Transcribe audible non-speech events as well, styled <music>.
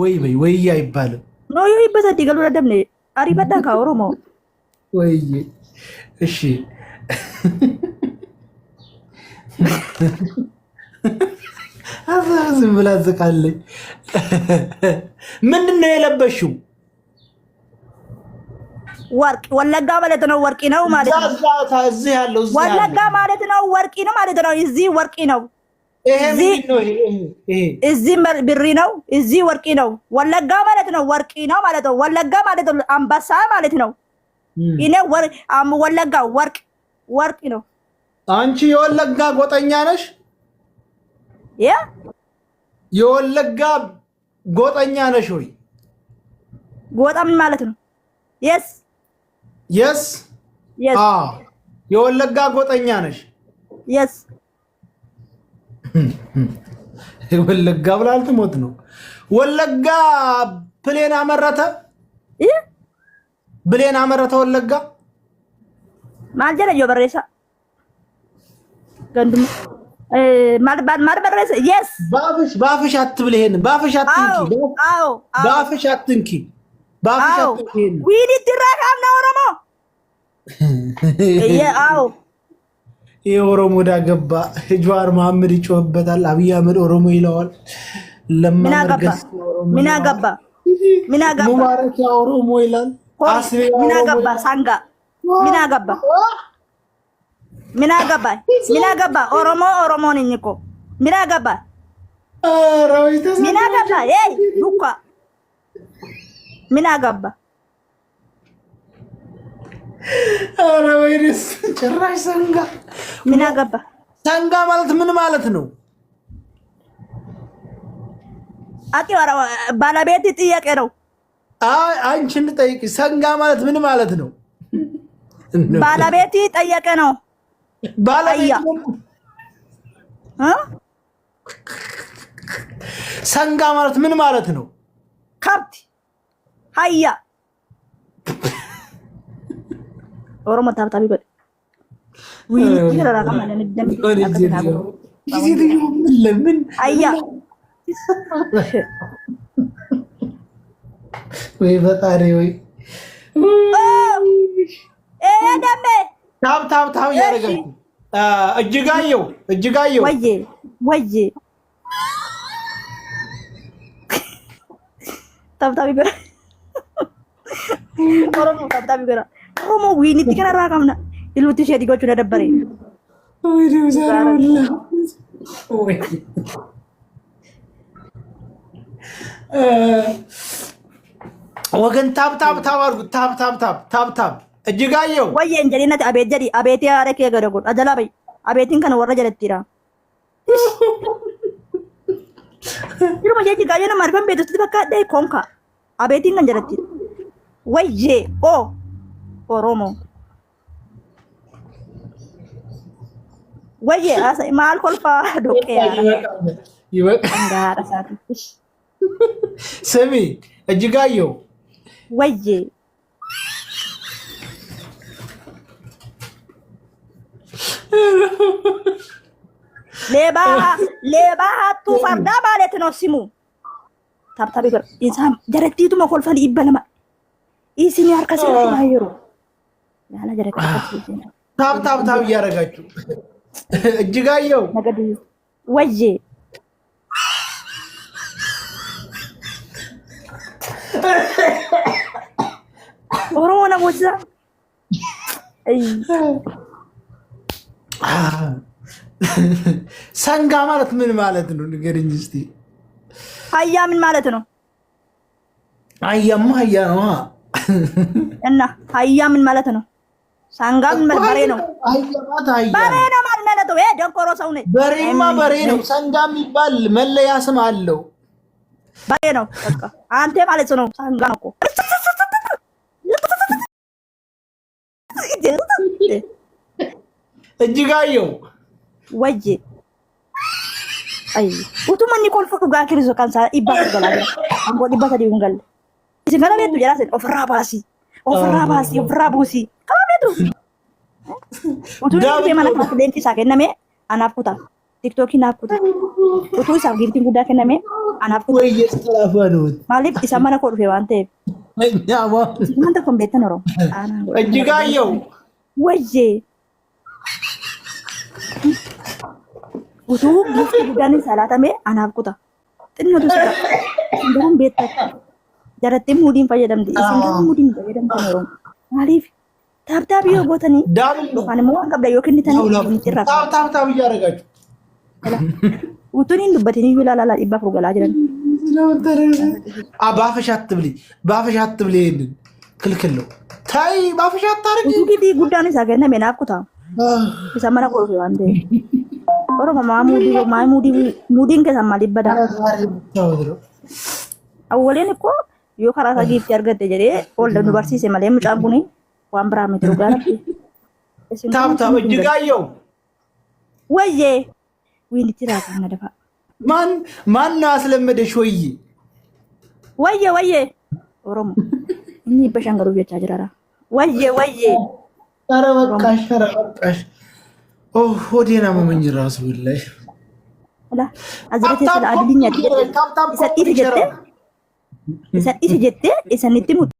ወይ በይ ወይ አይባልም። ኖ ይበዛ ዲገሉ ደም አሪ አሪበዳ ከኦሮሞ ወይ እሺ አዛዝም ዝም ብላ ዝቃለች። ምንድን ነው የለበሽው? ወርቅ ወለጋ ማለት ነው። ወርቂ ነው ማለት ነው። ወለጋ ማለት ነው። ወርቂ ነው ማለት ነው። እዚህ ወርቂ ነው እዚህ ብሪ ነው፣ እዚህ ወርቂ ነው። ወለጋ ማለት ነው፣ ወርቂ ነው ማለት ነው። ወለጋ ማለት ነው፣ አንበሳ ማለት ነው። እኔ ወለጋ ወርቅ ወርቂ ነው። አንቺ የወለጋ ጎጠኛ ነሽ? ያ የወለጋ ጎጠኛ ነሽ ወይ? ጎጣም ማለት ነው። የስ የስ የስ። የወለጋ ጎጠኛ ነሽ? የስ ወለጋ ብላ ልትሞት ነው። ወለጋ ብሌን አመረተ፣ ብሌን አመረተ ወለጋ ማልጀረዮ በሬሳ ገንድሞ በአፍሽ አትብል፣ አትንኪ፣ አትንኪ፣ አትንኪ። ኦሮሞ <laughs> የኦሮሞ ዳገባ ገባ ጀዋር መሐመድ ይጮህበታል። አብይ አህመድ ኦሮሞ ይለዋል። ምን አገባ ሙባረክ ኦሮሞ ይላል። ምን አገባ ሳንጋ ምን አገባ ምን አገባ ምን አገባ ኦሮሞ ኦሮሞ ነኝ እኮ ምን አገባ ምን አገባ ዱካ ምን አገባ ኧረ ወይኔስ ጭራሽ ሰንጋ ምን አገባ? ሰንጋ ማለት ምን ማለት ነው? ባለቤት ጥያቄ ነው። አንቺ እንጠይቅ። ሰንጋ ማለት ምን ማለት ነው? ባለቤት ጠየቀ ነው። ባለቤት ሰንጋ ማለት ምን ማለት ነው? ከብት ሀያ ኦሮሞ ታብታቢ በል ወይ ፈጣሪ ወይ ታብ ታብ ታብ እያደረገች እጅጋየሁ እጅጋየሁ ወዬ ወዬ ታብታቢ ጎራ ኦሮሞ ታብታቢ ጎራ oromoo wiinitti kan irraa qabna ilmuutti ishee dhigochuu na dabbare. ወገን ታብ ታብ ታብ አድርጉ። ታብ ታብ ታብ ታብ ታብ እጅጋየው ወየ እንጀሊነት አቤት ጀዲ አቤት ያረክ የገደጉ አጀላ በይ አቤትን ከነ ወረ ጀለቲራ ይሩማ የጂ ጋየና ማርፈን ቤት ውስጥ በቃ ደይ ኮንካ አቤትን ከን ጀለቲ ወየ ኦ ኦሮሞ ወይ ማልኮልፋ ዶቄ ስሚ እጅጋየው ወይ ሌባ ሀቱ ፈርዳ ማለት ነው ስሙ ታብታቢ ኢንሳን ጀረቲቱ መኮልፈል ይበለማ ይስኒ አርከሰ ይሩ ታብ ታብ ታብ እያደረጋችሁ እጅጋየሁ ወዬ ኦሮሞ ነሞች ሰንጋ ማለት ምን ማለት ነው? ንገሪኝ እስኪ። አያ ምን ማለት ነው? አያማ አያ ነው እና አያ ምን ማለት ነው? ሳንጋም በሬ ነው። በሬ ነው ማለት ነው። ደንቆሮ ሰው ነኝ። በሬማ በሬ ነው። ሰንጋ የሚባል መለያ ስም አለው። በሬ ነው አንተ ማለት ነው። ሳንጋ ነው እኮ እጅጋየሁ ወይ አይ ኡቱማኒ ኮልፎ ጋ ክሪዞ ካንሳ ይባል ገላለ አንጎ ዲባታ ዲውን ገለ ሲፈራ ቤቱ ጀራሰን ኦፍራ ባሲ ኦፍራ ባሲ ኦፍራ ቡሲ Utuu inni mana kanatti leenci isaa kenname anaaf kutaa. Tiktookiin naaf kutaa. Utuu isaaf giiftiin guddaa kenname anaaf kutaa. Maaliif isa mana koo dhufe waan ta'eef. Wanta kun beektan oromo. Ejjigaayyoo. Wayyee. Utuu giiftii guddaan isaa laatame anaaf kutaa. Xinnootu isaa. Garaan beektan. Jarattiin muudiin fayyadamti. Isin garaan muudiin fayyadamtan oromo. Maaliif? ታብታብዮ ቦተኒ ዳብል ነው አንሞ አንቀብዳ ዮክኒ ተኒ ይጥራ ታብ ታብ ታብ እያረጋችሁ ውቱኒን ዱበቲኒ ይላላላ ይባፍ ሩገላ ጅረን አባፈሻ አትብሊ ባፈሻ አትብሊ ይሄንን ክልክል ነው ታይ ባፈሻ አታርጊ እንግዲህ ጉዳኔ ሳገነ መናቁታ ይሰማና ቆሮ አንዴ ኦሮሞ ማሙዲ ማሙዲ ሙዲን ከሰማ ሊበዳ አወሌን እኮ ዮካራታ ጊፍት ያርገደ ጀዴ ኦል ለዩኒቨርሲቲ ሰማለ ሙጫን ኩኒ ዋንብራ ምድሩ ጋር <laughs> ታብታብ እጅጋየው ወዬ ወይን ትራስ አናደፋ ማን ማን አስለመደሽ? ወዬ ወዬ ወዬ ኦሮሞ እኒ በሻንገሩ ብቻ ጅራራ ወዬ ወዬ ኧረ በቃሽ፣ ኧረ በቃሽ። ኦ ሆዴና መመኝ ራሱ ላይ አዝረቴ ስለ አድልኛ ሰጢት ጀቴ ሰጢት ጀቴ ሰኒት ሙት